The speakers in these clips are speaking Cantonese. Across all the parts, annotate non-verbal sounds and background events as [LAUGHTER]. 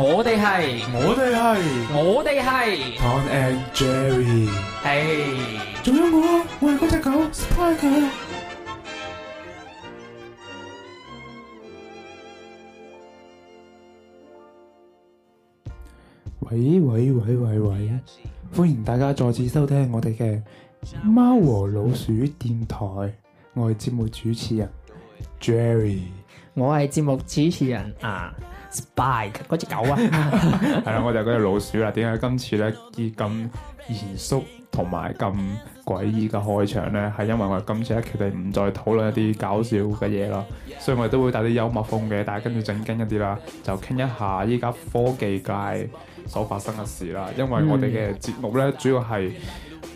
我哋係，我哋係，我哋係。Tom and Jerry，係、哎。仲有我，我係嗰隻狗，Spike。喂喂喂喂喂！歡迎大家再次收聽我哋嘅《貓和老鼠》電台，我係節目主持人 Jerry，我係節目主持人啊。Spy 嗰隻狗啊，係啦，持 [LAUGHS] [LAUGHS] [LAUGHS] 我就嗰隻老鼠啦。點解今次咧依咁嚴肅同埋咁詭異嘅開場咧？係、啊、因為我哋今次咧決定唔再討論一啲搞笑嘅嘢咯，所以我哋都會帶啲幽默風嘅，但係跟住正經一啲啦，就傾一下依家科技界所發生嘅事啦。因為我哋嘅節目咧，嗯、主要係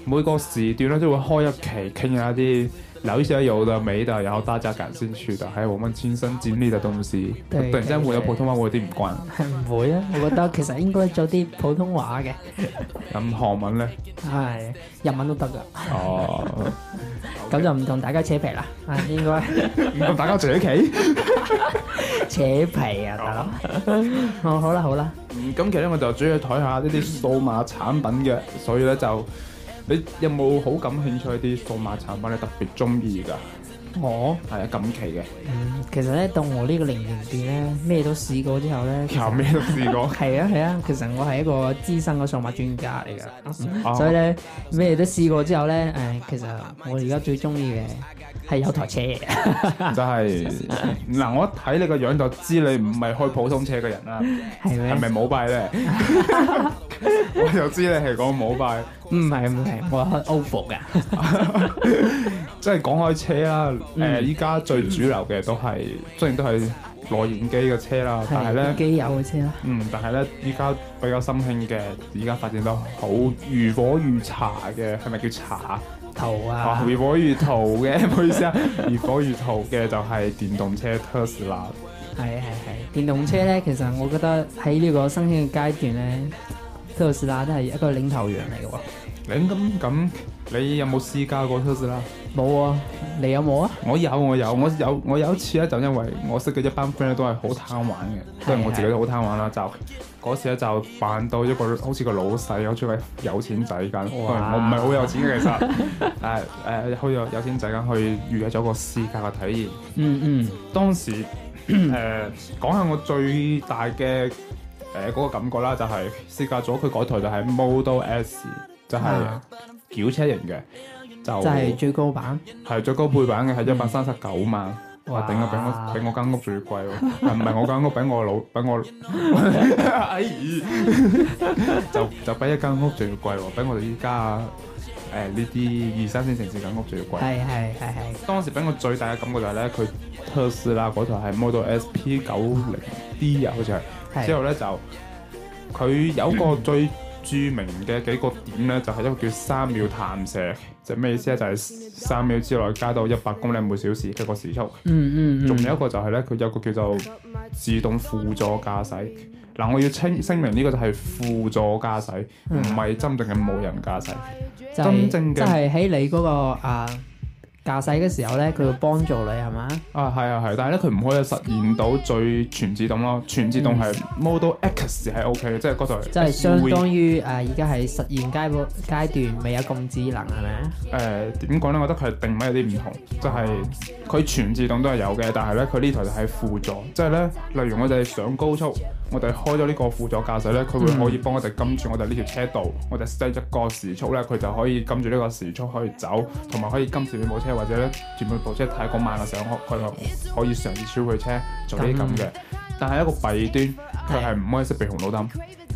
每個時段咧都會開一期，傾下一啲。聊一些有的沒的，然後大家感興趣的，還有我們親身經歷的東西。突然間會有普通話會對有啲唔慣。唔會啊，我覺得其實應該做啲普通話嘅。咁韓文咧？係、哎、日文都得噶。哦。咁就唔同大家扯皮啦，係應該唔同大家扯旗。 [LAUGHS] [LAUGHS] 扯皮啊大佬！哦 [LAUGHS] 好啦好啦。嗯，今期咧我就主要睇下呢啲數碼產品嘅，所以咧就。你有冇好感興趣啲數碼產品？你特別中意㗎？我係、哦、啊，近期嘅。嗯，其實咧，到我呢個年齡段咧，咩都試過之後咧，又咩都試過。係 [LAUGHS] 啊係啊，其實我係一個資深嘅數碼專家嚟㗎，嗯、所以咧咩、啊、都試過之後咧，誒、哎，其實我而家最中意嘅係有台車。就係嗱，我睇你個樣就知你唔係開普通車嘅人啦，係咪冇幣咧？我又知你係講冇牌，唔係唔係，我係 OFO 嘅，即係講開車啦、啊。誒、嗯，依家最主流嘅都係，雖然都係內燃機嘅車啦，但係汽油嘅車。嗯，但係咧，依家比較新興嘅，依家發展得好如火如茶嘅，係咪叫茶陶啊，啊？如火如陶嘅，唔 [LAUGHS] 好意思啊， [LAUGHS] 如火如荼嘅就係電動車特斯拉。係係係，電動車咧，其實我覺得喺呢個新興嘅階段咧。特斯拉都係一個領頭羊嚟嘅喎，咁咁你，你有冇試駕過特斯拉？冇啊，你有冇啊？我有我有，我有我有，我有一次咧，就因為我識嘅一班 friend 都係好貪玩嘅，都係的我自己都好貪玩啦，就嗰時咧就扮到一個好似個老細，好似個有錢仔咁，哇我唔係好有錢嘅其實，誒誒， [LAUGHS] 好、呃、似有錢仔咁去預約咗個試駕嘅體驗、嗯。嗯嗯，當時誒講、呃、下我最大嘅。誒，嗰個感覺啦，就係試駕咗佢嗰台就係 Model S，就係轎車型嘅，就就係最高版，係最高配版嘅，係一百三十九萬。哇，頂啊！比我比我間屋仲要貴，唔係我間屋比我老比我，就就比一間屋仲要貴，比我哋依家誒呢啲二三線城市間屋仲要貴。係係係係。當時俾我最大嘅感覺就係咧，佢特斯拉嗰台係 Model S P 九零 D 啊，好似係。是之後咧就佢有個最著名嘅幾個點咧，就係、是、一個叫三秒彈射，就咩意思咧？就係三秒之內加到一百公里每小時嘅個時速。嗯嗯。仲、嗯嗯、有一個就係、是、咧，佢有個叫做自動輔助駕駛。嗱，我要清聲明呢個就係輔助駕駛，唔係、嗯、真正嘅無人駕駛。就是、真正嘅就係喺你嗰、那、啊、個。Uh 駕駛嘅時候咧，佢會幫助你係嘛？啊，係啊係、啊，但係咧佢唔可以實現到最全自動咯，全自動係 Model X 係 OK，、嗯、即係嗰台。即係相當於誒，而家係實驗階階段，未有咁智能係咪？誒，點講咧？我覺得佢係定位有啲唔同，就係、是、佢全自動都係有嘅，但係咧佢呢台就係輔助，即係咧，例如我哋上高速，我哋開咗呢個輔助駕駛咧，佢會可以幫我哋跟住我哋呢條車道，嗯、我哋 set 一個時速咧，佢就可以跟住呢個時速可以走，同埋可以跟住你部車。或者咧，全部部車太過慢嘅時候，佢又可以嘗試超佢車做呢啲咁嘅。嗯、但係一個弊端，佢係唔可以識避紅綠燈。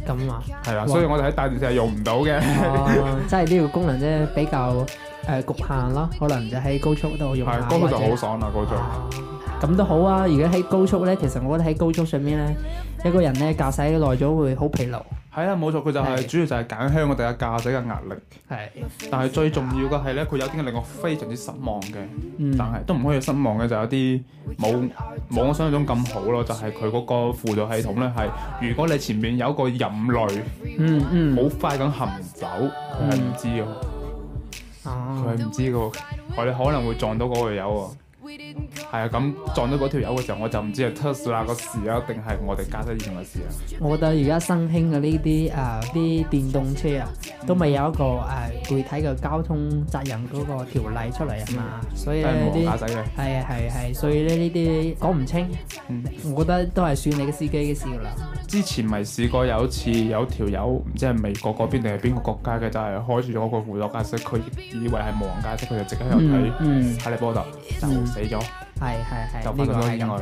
咁啊、嗯，係啦，所以我哋喺大電視係用唔到嘅。即係呢個功能咧比較誒侷、呃、限咯，可能就喺高速嗰度用下。係，高速就好爽啦、啊、高速。咁都、啊、好啊！如果喺高速咧，其實我覺得喺高速上面咧，一個人咧駕駛耐咗會好疲勞。係啊，冇錯，佢就係主要就係減輕我哋嘅駕駛嘅壓力。係的，但係最重要嘅係咧，佢有啲令我非常之失望嘅。嗯，但係都唔可以失望嘅就有啲冇冇我想象中咁好咯。就係佢嗰個輔助系統咧，係如果你前面有一個人類、嗯，嗯嗯，冇快咁行走，佢係唔知嘅。哦、啊，佢係唔知㗎，佢哋可能會撞到嗰個友喎。係啊，咁撞到嗰條友嘅時候，我就唔知係特斯拉個事啊，定係我哋加德呢件嘅事啊。我覺得而家新興嘅呢啲啊啲電動車啊，都未有一個誒、呃、具體嘅交通責任嗰個條例出嚟啊嘛，所以啲係啊係係，所以咧呢啲講唔清。嗯、我覺得都係算你嘅司機嘅事啦。之前咪試過有一次有條友唔知係美國嗰邊定係邊個國家嘅，就係、是、開住咗個輔助駕駛，佢以，以為係無人駕駛，佢就直喺度睇哈利波特、嗯嗯死咗，係係係，呢個意外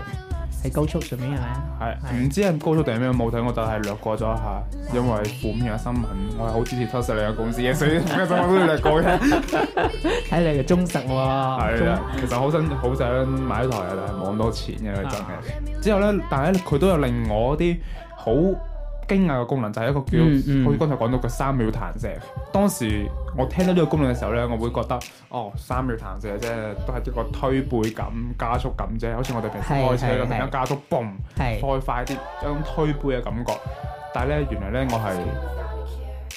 喺高速上面係咪啊？係唔知喺高速定係咩？冇睇，我就係略過咗一下。因為負面嘅新聞，我係好支持 Tesla 呢間公司嘅，所以我都略過嘅。睇你嘅忠誠喎，係啊，其實好想好想買台啊，但係冇咁多錢，因為真係。之後咧，但係佢都有令我啲好。驚訝嘅功能就係一個叫，好似剛才講到嘅三秒彈射。當時我聽到呢個功能嘅時候咧，我會覺得，哦，三秒彈射啫，都係一個推背感、加速感啫，好似我哋平時開車咁樣加速，boom，開快啲，有種推背嘅感覺。但係咧，原來咧我係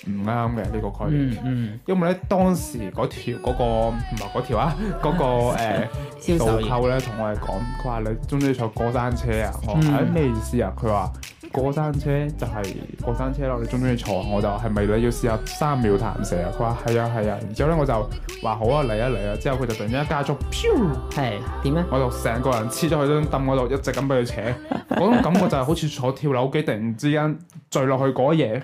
唔啱嘅呢個概念，因為咧當時嗰條嗰個唔係嗰條啊，嗰個誒銷售後咧同我哋講，佢話你中唔中意坐過山車啊？我誒咩意思啊？佢話。過山車就係過山車咯，你中唔中意坐？我就話係咪你要試下三秒彈射啊？佢話係啊係啊，然之後咧我就話好啊嚟啊嚟啊，之後佢就突然間加速，係點咧？呢我就成個人黐咗佢張凳度，我就一直咁俾佢扯，嗰 [LAUGHS] 種感覺就係好似坐跳樓機突然之間墜落去嗰嘢。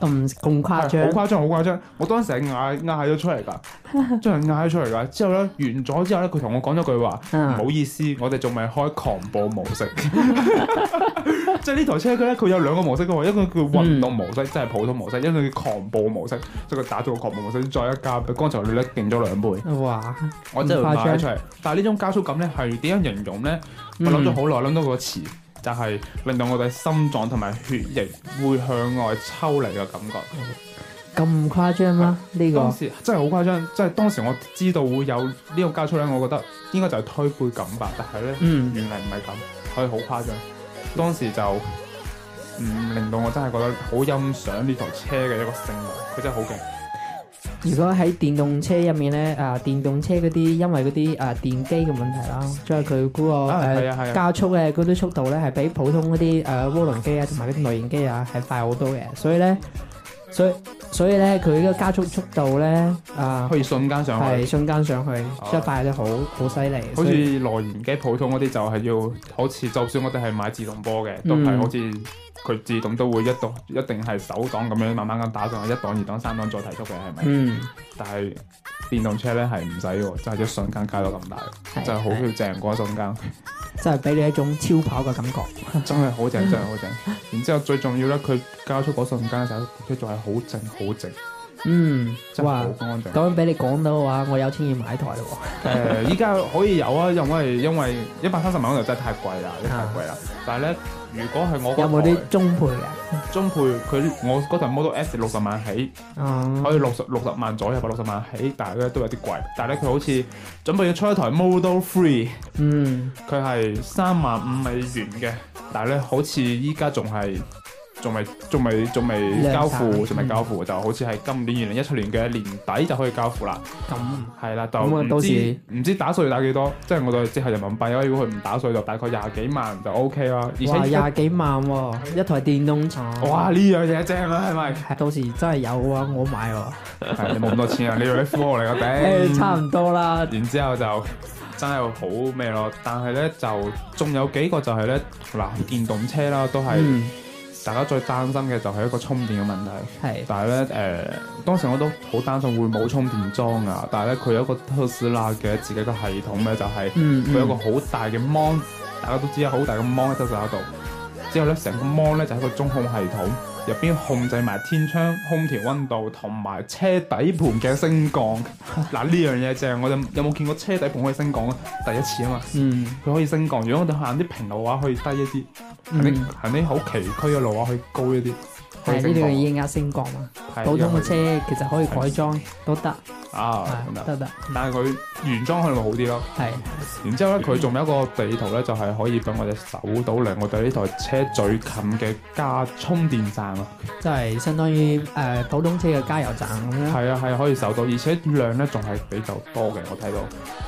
咁咁誇張？好誇張，好誇張！我當時成嗌嗌咗出嚟噶，真係嗌咗出嚟噶。之後咧，完咗之後咧，佢同我講咗句話：啊，唔好意思，我哋仲未開狂暴模式。即係呢台車佢咧，佢有兩個模式嘅，一個叫運動模式，即係普通模式；一個叫狂暴模式。即係佢打造個狂暴模式，再一加，剛才你拎勁咗兩倍。哇！我真係快出嚟。嗯、但係呢種加速感咧，係點樣形容咧？嗯、我諗咗好耐，諗到個詞。就係令到我哋心臟同埋血液會向外抽離嘅感覺，咁、嗯、誇張嗎？呢對、這個真係好誇張，即、就、係、是、當時我知道會有呢個加速咧，我覺得應該就係推背感吧。但係咧，嗯，原嚟唔係咁，係好誇張。當時就嗯令到我真係覺得好欣賞呢台車嘅一個性能，佢真係好勁。如果喺電動車入面咧，啊、呃，電動車嗰啲因為嗰啲啊電機嘅問題啦，即係佢嗰個加速嘅嗰啲速度咧，係比普通嗰啲誒渦輪機啊同埋嗰啲內燃機啊係快好多嘅，所以咧。所以所以咧，佢個加速速度咧，啊、呃，可以瞬間上去，係是瞬間上去，即係快得好吧好犀像利以。好似內燃機普通嗰啲，就係要好似，就算我哋係買自動波嘅，嗯、都係好似佢自動都會一度，一定係手檔咁樣慢慢咁打上去，一檔、二檔、三檔再提速嘅，係咪？嗯。但係電動車咧係唔使，就係、是、一瞬間加到咁大，嗯、就係好正，一瞬間。嗯 [LAUGHS] 真係俾你一種超跑嘅感覺， [LAUGHS] 真係好正，真係好正。 [LAUGHS] 然之後最重要咧，佢交出嗰瞬間嘅時候，佢仲係好靜，好靜。嗯，真係好安靜。哇，咁樣俾你講到嘅話，我有錢要買台喎。誒，依家可以有啊，因為因為一百三十萬度真係太貴啦，太貴啦。 [LAUGHS] 但係咧。如果係我，有冇啲中配啊？中配佢我嗰台 Model S 六十萬起，嗯、可以六十六十萬左右，六十萬起，但係咧都有啲貴。但係咧佢好似準備要出一台 Model Three，佢係三萬五美元嘅，但係咧好似依家仲係。仲未仲未仲未交付，仲未交付，就好似係今年二零一七年嘅年底就可以交付啦。咁係啦，就到時唔知唔知打稅打幾多，即係我哋即係人民幣啦。如果佢唔打稅，就大概廿幾萬就 OK 啦。哇，廿幾萬一台電動車！哇，呢樣嘢正啊，係咪？到時真係有嘅話，我買喎。係你冇咁多錢啊？你做咩富豪嚟嘅？頂，差唔多啦。然之後就真係好咩咯？但係咧就仲有幾個就係咧嗱電動車啦，都係。大家最擔心嘅就係一個充電嘅問題，係是，但係咧，誒、呃，當時我都好擔心會冇充電樁啊，但係咧，佢有一個特斯拉嘅自己嘅系統咧，就係、是、佢有一個好大嘅芒，嗯嗯、大家都知道好大嘅芒喺特斯拉度，之後咧，成個芒 o 咧就係、是、個中控系統。入邊控制埋天窗、空調溫度同埋車底盤嘅升降。嗱 [LAUGHS] 呢 [LAUGHS] 樣嘢正，我哋有冇見過車底盤可以升降啊？第一次啊嘛，嗯，佢可以升降。如果我哋行啲平路嘅話，可以低一啲；行啲行啲好崎嶇嘅路嘅話，可以高一啲。係呢度已經有升降嘛，啊、降普通嘅車其實可以改裝的都得，啊，得得、嗯。行但係佢原裝可能會好啲咯。係的。然之後咧，佢仲有一個地圖咧，就係、是、可以幫我哋搜到離我哋呢台車最近嘅加充電站啊！即係相當於誒、呃、普通車嘅加油站咁啦。係啊係可以搜到，而且量咧仲係比較多嘅。我睇到。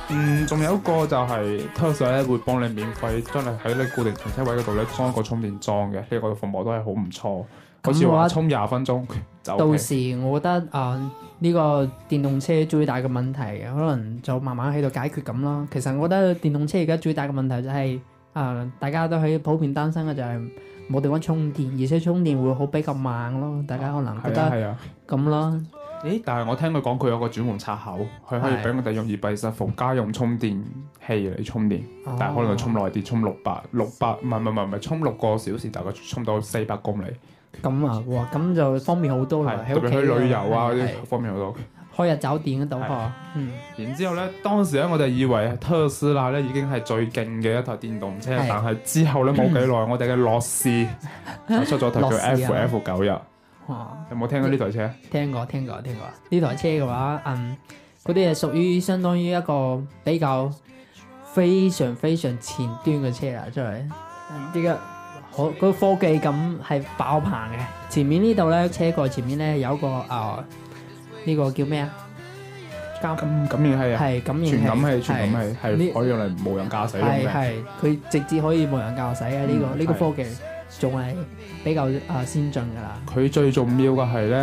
嗯，仲有一個就係 Tesla 咧，會幫你免費將你喺你固定停車位嗰度咧裝一個充電樁嘅，呢、這個服務都係好唔錯。咁嘅話，充廿分鐘。到時我覺得啊，呢、呃這個電動車最大嘅問題，可能就慢慢喺度解決咁啦。其實我覺得電動車而家最大嘅問題就係、是、啊、呃，大家都喺普遍擔心嘅就係冇地方充電，而且充電會好比較慢咯。大家可能覺得係啊，咁咯、啊。誒、啊，啊欸、但係我聽佢講，佢有個轉換插口，佢可以俾我哋用二百二十伏家用充電器嚟充電，啊、但係可能佢充耐啲，充六百六百，唔係唔係唔係，充六個小時，大概充到四百公里。咁啊，哇！咁就方便好多啦，去旅遊啊，方便好多。開日酒店嗰度嗯。然之後咧，當時咧，我哋以為特斯拉咧已經係最勁嘅一台電動車，但係之後咧冇幾耐，我哋嘅樂視出咗台叫 F F 九一。有冇聽過呢台車？聽過，聽過，聽過。呢台車嘅話，嗯，佢哋係屬於相當於一個比較非常非常前端嘅車啦，出嚟呢個。好，嗰個科技感係爆棚嘅。前面呢度咧，車蓋前面咧有個誒，呢個叫咩啊？感感應係係感應係，係係可以用嚟無人駕駛咁樣。係係，佢直接可以無人駕駛嘅，呢個呢個科技仲係比較誒先進㗎啦。佢最重要嘅係咧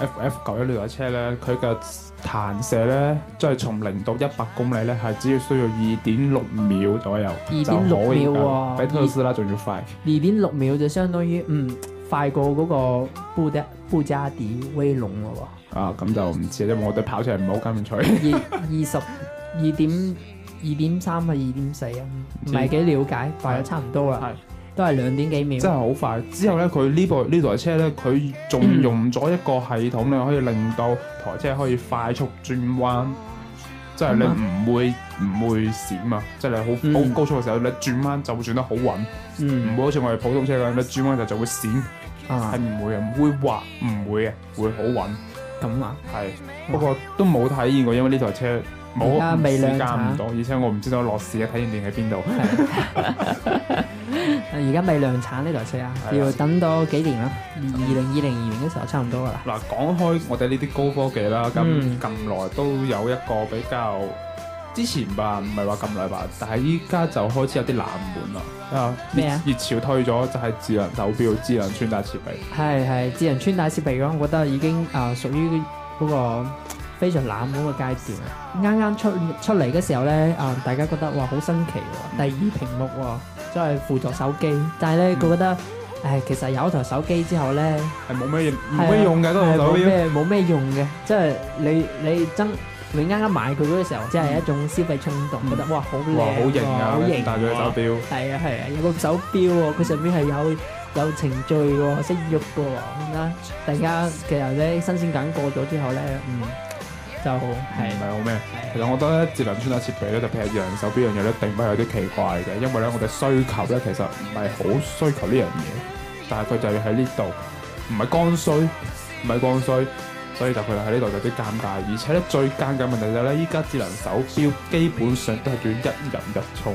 ，F F 九一呢台車咧，佢嘅。彈射咧，即係從零到一百公里咧，係只要需要二點六秒左右，二點六秒啊，哦、比特斯拉仲要快。二點六秒就相當於嗯，快過嗰個布布加迪威龍咯喎。啊，咁就唔知，因為我對跑車唔係好感興趣。二二十二點二點三啊，二點四啊，唔係幾了解，快咗差唔多啦。都係兩點幾秒，真係好快。之後咧，佢呢部呢台車咧，佢仲用咗一個系統咧，可以令到台車可以快速轉彎，即係你唔會唔會閃啊！即係你好好高速嘅時候，你轉彎就會轉得好穩，唔會好似我哋普通車咁樣，你轉彎就就會閃，係唔會嘅，唔會滑唔會嘅，會好穩。咁啊，係。不過都冇體驗過，因為呢台車冇時間唔多，而且我唔知道落市嘅體驗店喺邊度。而家未量產呢台車啊？的要等到幾年啦？二零二零二零嘅時候差唔多啦。嗱，講開我哋呢啲高科技啦，咁咁耐都有一個比較，之前吧，唔係話咁耐吧，但係依家就開始有啲冷門啦。啊？咩啊麼？熱潮退咗，就係、是、智能手錶、智能穿戴設備。係係，智能穿戴設備咁，我覺得已經啊，屬於嗰個非常冷門嘅階段。啱啱出出嚟嘅時候咧，啊，大家覺得哇，好新奇，第二屏幕喎。嗯即係輔助手機，但係咧，佢覺得，唉，其實有一台手機之後咧，係冇咩用，冇咩用嘅都好睇。冇咩冇咩用嘅，即係你你真你啱啱買佢嗰個時候，即係一種消費衝動，覺得哇好靚啊，好型啊好型啊，戴住隻手錶。係啊係啊，有個手錶喎，佢上邊係有有程序喎，識喐嘅喎。嗱，突然間其實咧新鮮感過咗之後咧，嗯。就係唔係好咩？嗯、是其實我覺得咧，智能穿戴設備咧，就譬如智能手錶一樣呢樣嘢咧，一定都有啲奇怪嘅，因為咧，我哋需求咧，其實唔係好需求呢樣嘢，但係佢就要喺呢度，唔係剛需，唔係剛需，所以就佢喺呢度有啲尷尬。而且咧，最尷尬問題就係咧，依家智能手錶基本上都係叫一日一充。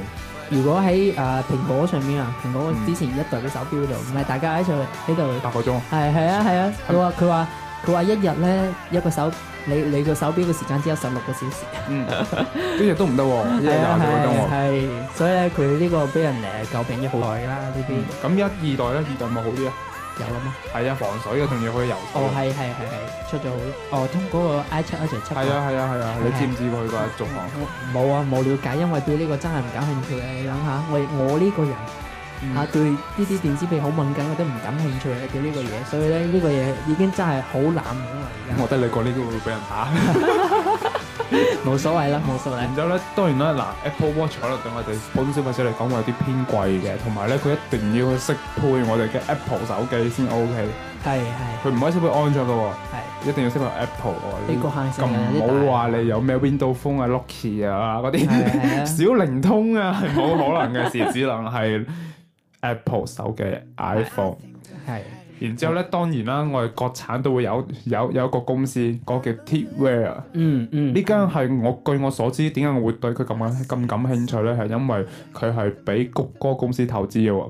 如果喺誒、uh, 蘋果上面啊，蘋果之前一代嘅手錶度，唔係、嗯、大家喺度喺度八個鐘，係係啊係啊，佢話佢話。佢話一日咧一個手你你個手錶嘅時間只有十六個小時，一日都唔得喎，一日廿四個鐘喎。係，所以咧佢呢個俾人誒詬病咗好耐㗎啦呢邊。咁一二代咧，二代有冇好啲啊？有啦嘛。係啊，防水嘅，同你去游水。哦，係係係係，出咗哦，通嗰個 I 七一齊出。係啊係啊係啊，你知唔知佢個續航啊？冇啊冇了解，因為對呢個真係唔感興趣嘅。你諗下，我我呢個人。啊，對呢啲電子屏好敏感，我都唔感興趣啊，對呢個嘢，所以咧呢個嘢已經真係好冷門啦。而家我覺得你講呢啲會俾人打，冇所謂啦。冇所謂。然之後咧，當然啦，嗱，Apple Watch 咧對我哋普通消費者嚟講，會有啲偏貴嘅，同埋咧佢一定要適配我哋嘅 Apple 手機先 OK。係係。佢唔可以適配安卓噶喎。係。一定要適配 Apple 喎。呢個限制啊！咁冇話你有咩 Window Phone 啊、Lucky 啊嗰啲小靈通啊，係冇可能嘅事，只能係。Apple 手嘅 iPhone。係，然之後咧，嗯、當然啦，我哋國產都會有有有一個公司，嗰、嗰個叫 Ticwear。嗯嗯，呢間係我、嗯、據我所知，點解我會對佢咁樣咁感興趣咧？係因為佢係俾谷歌公司投資嘅。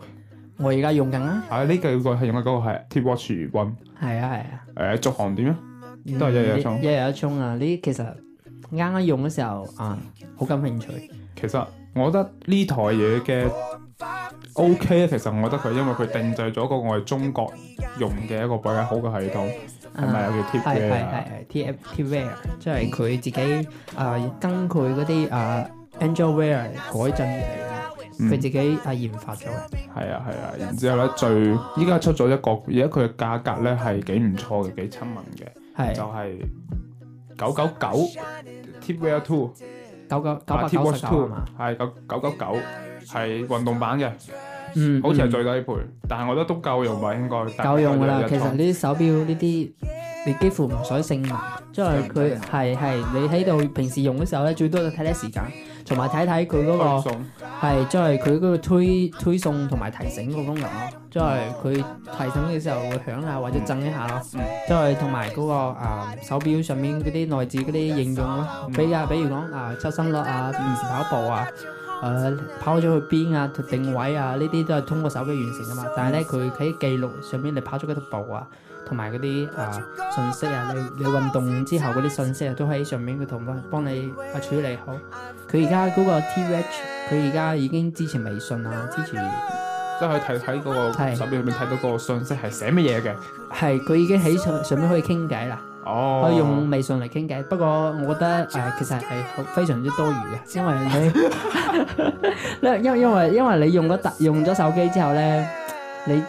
我而家用緊啊，啊呢、呢個係用嘅嗰個係 TicWatch One。係啊係啊，誒續航點啊？呃、行樣都係一日一充，一、嗯、日一充啊！呢其實啱啱用嘅時候啊，好、嗯、感興趣。 [LAUGHS] 其實我覺得呢台嘢嘅。O K 啊，其實我覺得佢，因為佢定制咗一個我哋中國用嘅一個比較好嘅系統，係咪有條貼嘅？系系係 T F T Wear，即係佢自己啊，根據嗰啲啊 Android Wear 改進嚟嘅，佢自己啊研發咗嘅。係啊係啊，然之後咧，最依家出咗一個，而家佢嘅價格咧係幾唔錯嘅，幾親民嘅，就係九九九 T Wear Two，九九九百九十九係嘛？系九九九九。係運動版嘅，嗯，好似係最低配，但係我覺得都夠用吧應該。夠用噶啦，其實呢啲手錶呢啲，你幾乎唔使性能。即係佢係係你喺度平時用嘅時候咧，最多看看、那個、送就睇睇時間，同埋睇睇佢嗰個係，即係佢嗰個推推送同埋提醒個功能咯，即係佢提醒嘅時候會響下或者震一下咯，即係同埋嗰個啊、呃、手錶上面嗰啲內置嗰啲應用咯，嗯、比、呃、啊，比如講啊，測心率啊，唔時跑步啊。誒、呃，跑咗去邊啊？定位啊？呢啲都係通過手機完成噶嘛？但係咧，佢喺記錄上面，你跑咗幾多步啊？同埋嗰啲啊信息啊，你你運動之後嗰啲信息啊，都喺上面。佢同我幫你啊處理好。佢而家嗰個 Twitch，佢而家已經支持微信啊，支持即係睇喺嗰個手錶裡面上面睇到個信息係寫乜嘢嘅？係，佢已經喺上上面可以傾偈啦。哦，可以用微信嚟傾偈，不過我覺得誒，其實係非常之多餘嘅，因為你咧，因為因為因為你用咗突用咗手機之後咧，你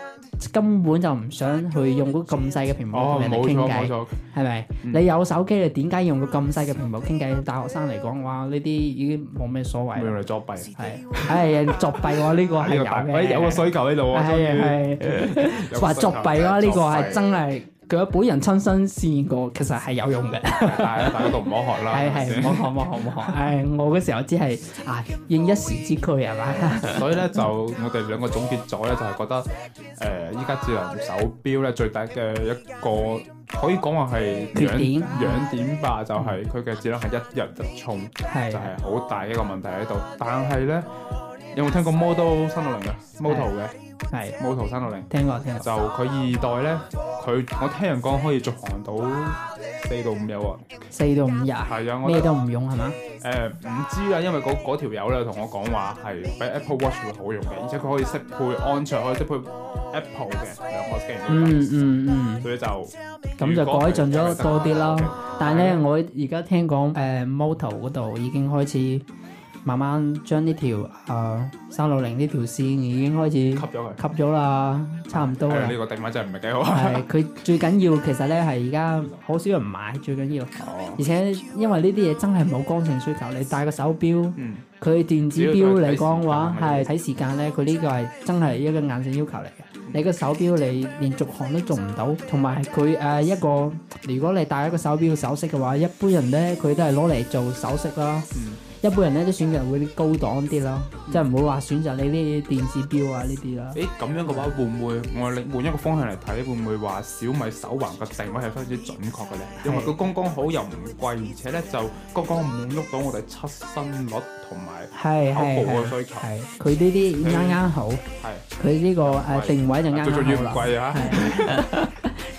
根本就唔想去用個咁細嘅屏幕同人哋傾偈，係咪？你有手機你，點解要用個咁細嘅屏幕傾偈？大學生嚟講，嘩，呢啲已經冇咩所謂，用嚟作弊係，係啊，作弊喎，呢個係有嘅，有個需求喺度，係係話作弊啦，呢個係真係。佢本人親身試驗過，其實係有用嘅。但係大家都唔好學啦，唔好學，唔好學，唔好學。誒，我嗰時候只係啊應一時之需係嘛。所以咧就我哋兩個總結咗咧，就係覺得誒依家智能手錶咧最大嘅一個可以講話係兩點兩點吧，就係佢嘅智能係一日就充，就係好大一個問題喺度。但係咧有冇聽過 Model 三六零啊？Model 嘅？係，Moto 三六零，聽過聽過。就佢二代咧，佢我聽人講可以續航到四到五日喎。四到五日啊？係啊，我咩都唔用係嘛？誒，唔知啊，因為嗰嗰條友咧同我講話係比 Apple Watch 會好用嘅，而且佢可以適配安卓，可以適配 Apple 嘅。嗯嗯嗯，所以就咁就改進咗多啲啦。但係咧，我而家聽講誒 Moto 嗰度已經開始。慢慢將呢條誒三六零呢條線已經開始吸咗佢，吸咗啦，差唔多啦。呢個定位真係唔係幾好。係 [LAUGHS] 佢最緊要，其實咧係而家好少人買，最緊要。哦。 [LAUGHS] 而且因為呢啲嘢真係冇剛性需求，你戴個手錶，佢、嗯、電子錶嚟講嘅話係睇時間咧，佢呢個係真係一個硬性要求嚟嘅。嗯、你個手錶你連續航都做唔到，同埋佢誒一個，如果你戴一個手錶首飾嘅話，一般人咧佢都係攞嚟做首飾啦。嗯一般人咧都選擇會高檔啲咯，即係唔會話選擇你啲電子錶啊呢啲啦。誒咁、欸、樣嘅話，會唔會我哋換一個方向嚟睇？會唔會話小米手環嘅定位係非常之準確嘅咧？是因為佢剛剛好又唔貴，而且咧就剛剛唔喐到我哋出生率。同埋，係係係，係佢呢啲啱啱好，係佢呢個誒定位就啱啱好啦。最最最貴啊，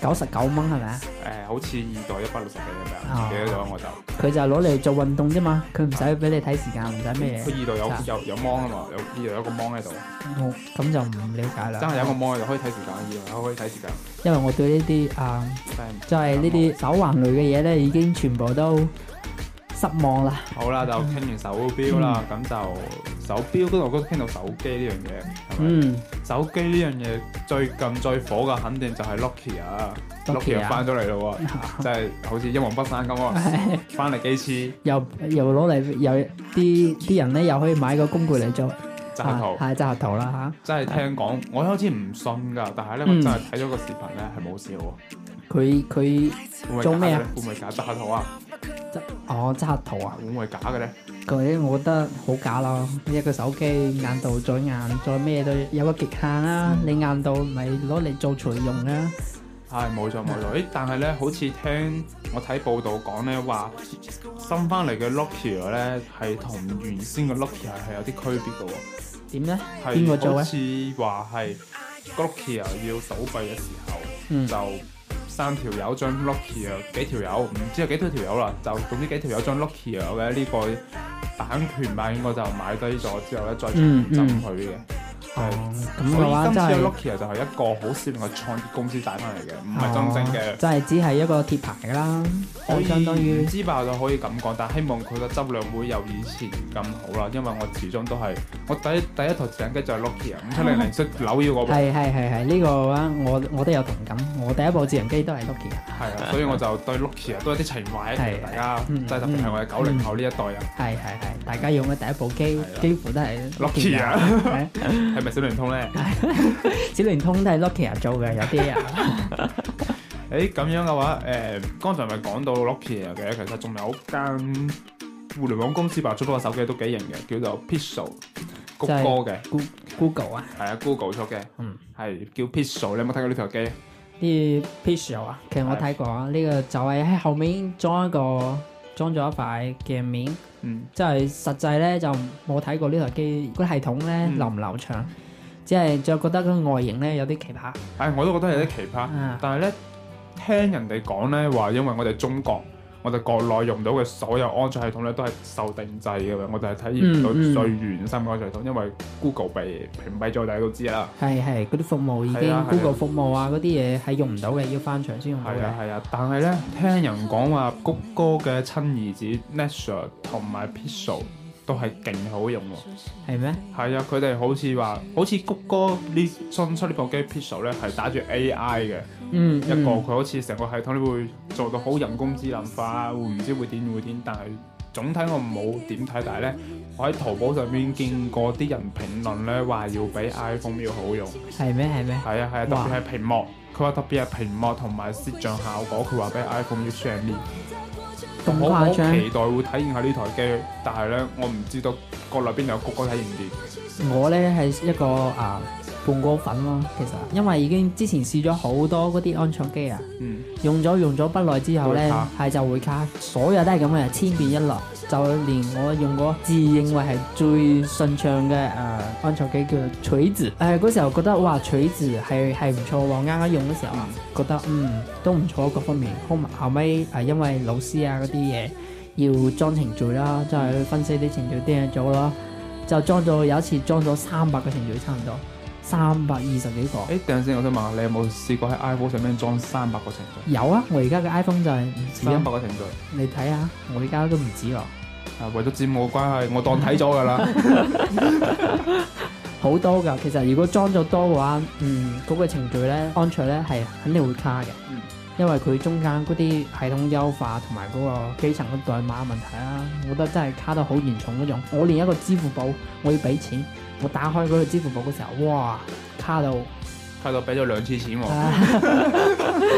九十九蚊係咪啊？誒，好似二代一百六十幾係咪啊？唔記得咗我就。佢就攞嚟做運動啫嘛，佢唔使俾你睇時間，唔使咩嘢。佢二代有有有芒啊嘛，有二代有一個芒喺度。我咁就唔理解啦。真係有一個芒就可以睇時間，可以可以睇時間。因為我對呢啲啊，就係呢啲手環類嘅嘢咧，已經全部都。失望啦！好啦，就傾完手錶啦，咁就手錶嗰度，我都傾到手機呢樣嘢。嗯，手機呢樣嘢最近最火嘅，肯定就係 Lucky 啊！Lucky 翻咗嚟咯，即係好似一往不返咁啊！翻嚟幾次，又又攞嚟，有啲啲人咧又可以買個工具嚟做扎核桃，係扎核桃啦吓！真係聽講，我開始唔信噶，但係咧我真係睇咗個視頻咧係冇笑喎。佢佢做咩啊？會唔會扎扎核桃啊？哦，真係圖啊，會唔會係假嘅咧？佢啲我覺得好假咯，一個手機硬度再硬，再咩都有個極限啦、啊，嗯、你硬度咪攞嚟做隨用啦、啊。係冇錯冇錯，誒，啊、但係咧，好似聽我睇報道講咧，話新翻嚟嘅 Lucky 咧係同原先嘅 Lucky 係有啲區別嘅。點咧？係邊個做好似話係 Lucky 要倒閉嘅時候、嗯、就。三條友張 Lucky 啊，不幾條友唔知有幾多條友啦，就總之幾條友張 Lucky 啊，我得呢個版權吧，應該就買低咗之後咧再進佢嘅。嗯嗯係咁嘅話，即係 Nokia 就係一個好小型嘅創業公司帶翻嚟嘅，唔係真正嘅，就係只係一個貼牌㗎啦。可以唔知爆就可以咁講，但係希望佢嘅質量會有以前咁好啦。因為我始終都係我第第一台攝影機就係 Nokia 五七零零色扭腰我。係，係係係呢個嘅話，我我都有同感。我第一部攝影機都係 Nokia。係啊，所以我就對 Nokia 都有啲情懷喺度。大家即係特別係我哋九零後呢一代人啊。係係係，大家用嘅第一部機幾乎都係 Nokia。小靈通咧，小靈通都係 Lokia 做嘅，有啲啊。誒，咁樣嘅話，誒，剛才咪講到 Lokia 嘅，其實仲有間互聯網公司白出咗個手機，都幾型嘅，叫做 Pixel，谷歌嘅。Google 啊？係啊，Google 出嘅，嗯，係叫 Pixel。你有冇睇過呢條機？啲 Pixel 啊，其實我睇過啊，呢個就係喺後面裝一個。裝咗一塊鏡面，嗯，即係實際咧就冇睇過呢台機，個系統咧、嗯、流唔流暢，只係就覺得個外形咧有啲奇葩。誒、哎，我都覺得有啲奇葩，嗯、但係咧聽人哋講咧話，因為我哋中國。我哋國內用到嘅所有安卓系統咧，都係受定制嘅。我哋係體驗唔到最原生嘅安卓系統，嗯嗯、因為 Google 被屏蔽咗，大家都知啦。係係，嗰啲服務已經、啊啊、Google 服務啊，嗰啲嘢係用唔到嘅，要翻牆先用到嘅。係啊係啊，但係咧，聽人講話，谷歌嘅親兒子 Nexus 同埋 Pixel。都係勁好用喎，係咩嗎？係啊，佢哋好似話，好似谷歌呢新出呢部機 Pixel 咧，係打住 AI 嘅，嗯，一個，佢、嗯、好似成個系統你會做到好人工智能化，會唔知會點會點。但係總體我冇點睇，但係咧，我喺淘寶上面見過啲人評論咧，話要比 iPhone 要好用，係咩係咩？係啊係啊，特別係屏幕，佢話哇特別係屏幕同埋攝像效果，佢話比 iPhone 要強面。我好期待會體驗下呢台機，但係咧，我唔知道國內邊有谷歌體驗店。我咧係一個啊。呃半過分咯、啊，其實因為已經之前試咗好多嗰啲安卓機啊，嗯、用咗用咗不耐之後咧，係卡就會卡，所有都係咁嘅，千變一落，就連我用過自認為係最順暢嘅誒、呃、安卓機叫做錘子，誒、呃、嗰時候覺得哇錘子係係唔錯喎，啱啱用嘅時候啊，嗯、覺得嗯都唔錯，各方面好後，後尾係因為老師啊嗰啲嘢要裝程序啦，就係分析啲程序啲嘢做啦，就裝咗。有一次裝咗三百個程序，差唔多。三百二十幾個？誒，等陣先，我想問下，你有冇試過喺 iPhone 上面裝三百個程序？有啊，我而家嘅 iPhone 就係三百個程序。你睇下，我而家都唔止咯。啊，為咗節目嘅關係，我當睇咗噶啦。好多噶，其實如果裝咗多嘅話，嗯，嗰、嗰個程序咧，安卓咧係肯定會卡嘅，嗯、因為佢中間嗰啲系統優化同埋嗰個基層嘅代碼問題啊，我覺得真係卡得好嚴重嗰種。我連一個支付寶，我要俾錢。我打開嗰個支付寶嘅時候，哇，卡到卡到俾咗兩次錢喎，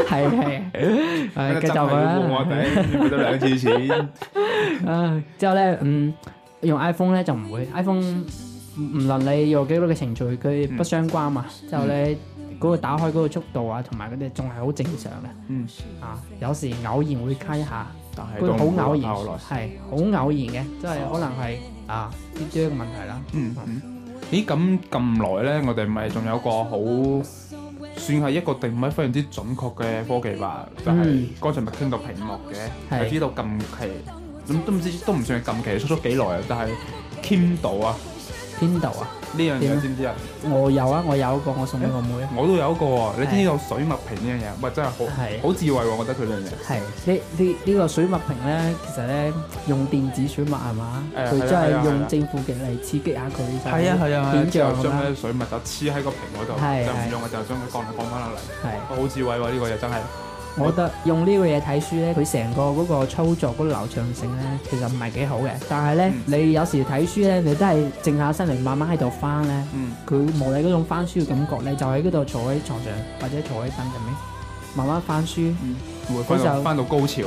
係係，繼續佢啦，冇俾咗兩次錢。啊，之後咧，嗯，用呢 iPhone 咧就唔會，iPhone 唔論你用幾多嘅程序，佢不相關嘛。之後咧，嗰個、嗯、打開嗰個速度啊，同埋嗰啲仲係好正常嘅。嗯，啊，有時偶然會卡一下，佢好是偶然，係好偶然嘅，即、就、係、是、可能係啊，呢啲一個問題啦。嗯。嗯咦，咁咁耐咧，我哋咪仲有個好算係一個定位非常之準確嘅科技吧，就係、是、剛、嗯、才咪傾到屏幕嘅，我是知道近期，咁、嗯、都唔知都唔算係近期，出咗幾耐啊，但係傾到啊！邊度啊？呢樣嘢知唔知啊？我有啊，我有一個，我送俾我妹。啊。我都有一個喎，你知唔知有水墨屏呢樣嘢？唔係真係好，好智慧喎！我覺得佢呢樣嘢係呢呢呢個水墨屏咧，其實咧用電子水墨係嘛？佢真係用正負極嚟刺激下佢。係啊係啊，然之後將啲水墨就黐喺個屏嗰度，就唔用就將佢降降翻落嚟。係好智慧喎，呢個又真係。我覺得用呢個嘢睇書咧，佢成個嗰個操作嗰流暢性咧，其實唔係幾好嘅。但係咧，你有時睇書咧，你都係靜下心嚟，慢慢喺度翻咧。嗯。佢冇你嗰種翻書嘅感覺咧，就喺嗰度坐喺床上或者坐喺凳上面，慢慢翻書。嗯。嗰時候翻到高潮。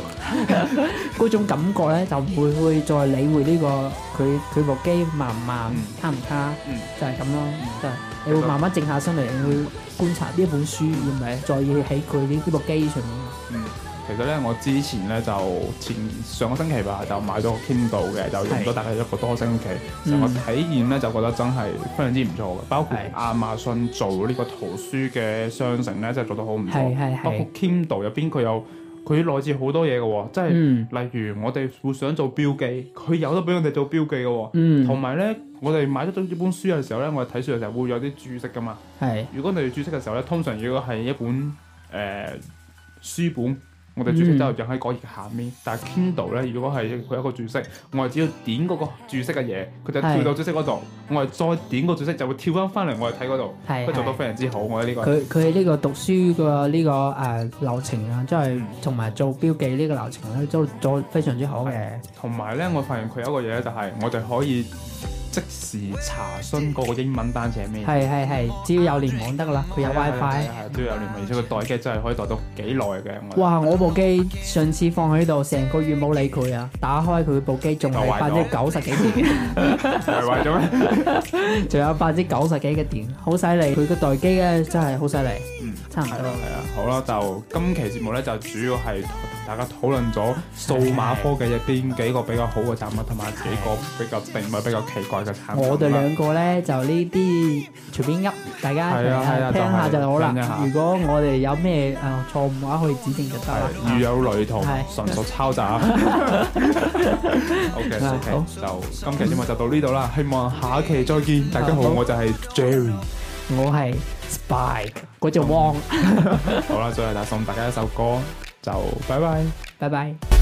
嗰種感覺咧，就唔會去再理會呢個佢佢部機慢唔慢，卡唔卡，就係咁咯。就你會慢慢靜下心嚟去。觀察呢本書，係咪再要喺佢呢呢部機上面？嗯，其實咧，我之前咧就前上個星期吧，就買咗個 Kindle 嘅，是就用咗大概一個多星期。嗯，成個體驗咧就覺得真係非常之唔錯嘅。包括亞馬遜做呢個圖書嘅商城咧，真、就、係、是、做得好唔錯。係係係。包括 Kindle 入邊，佢有佢內置好多嘢嘅、哦，即係、嗯、例如我哋會想做標記，佢有得俾我哋做標記嘅、哦。嗯，同埋咧。我哋買咗呢本書嘅時候咧，我哋睇書嘅時候會有啲注釋噶嘛。係是。如果你要註釋嘅時候咧，通常如果係一本誒、呃、書本，我哋註釋就印喺嗰頁下面。嗯、但係 Kindle 咧，如果係佢一個注釋，我哋只要點嗰個註釋嘅嘢，佢就跳到注釋嗰度。是我哋再點個注釋，就會跳翻翻嚟，我哋睇嗰度。係佢做到非常之好，我覺得呢個。佢佢呢個讀書嘅呢、這個誒、呃、流程啊，即係同埋做標記呢個流程咧，都、就是、做，做非常之好嘅。同埋咧，我發現佢有一個嘢，就係我哋可以。即時查詢嗰個英文單詞係咩？係係係，只相要關有連網得㗎喇，佢有 WiFi。只要有連網，而且個待機真係可以待到幾耐嘅。哇！我部機上次放喺度，成個月冇理佢啊，打開佢部機仲係百分之九十幾電。係壞咗咩？仲、 [LAUGHS] 呃、 [LAUGHS] 有百分之九十幾嘅電，好犀利！佢個待機咧、啊、真係好犀利。差唔多，係啊，好啦，就今期節目咧，就主要係同大家討論咗數碼科技入邊幾個比較好嘅雜物，同埋幾個比較並唔係比較奇怪嘅產品。我哋兩個咧就呢啲隨便噏，大家啊，聽下就好啦。如果我哋有咩誒錯誤嘅話，可以指定就得。如有雷同，純屬抄襲。OK，好就今期節目就到呢度啦。希望下期再見，大家好，我就係 Jerry，我係。Spike，嗰隻汪。好啦，最後就送大家一首歌，就拜拜，拜拜。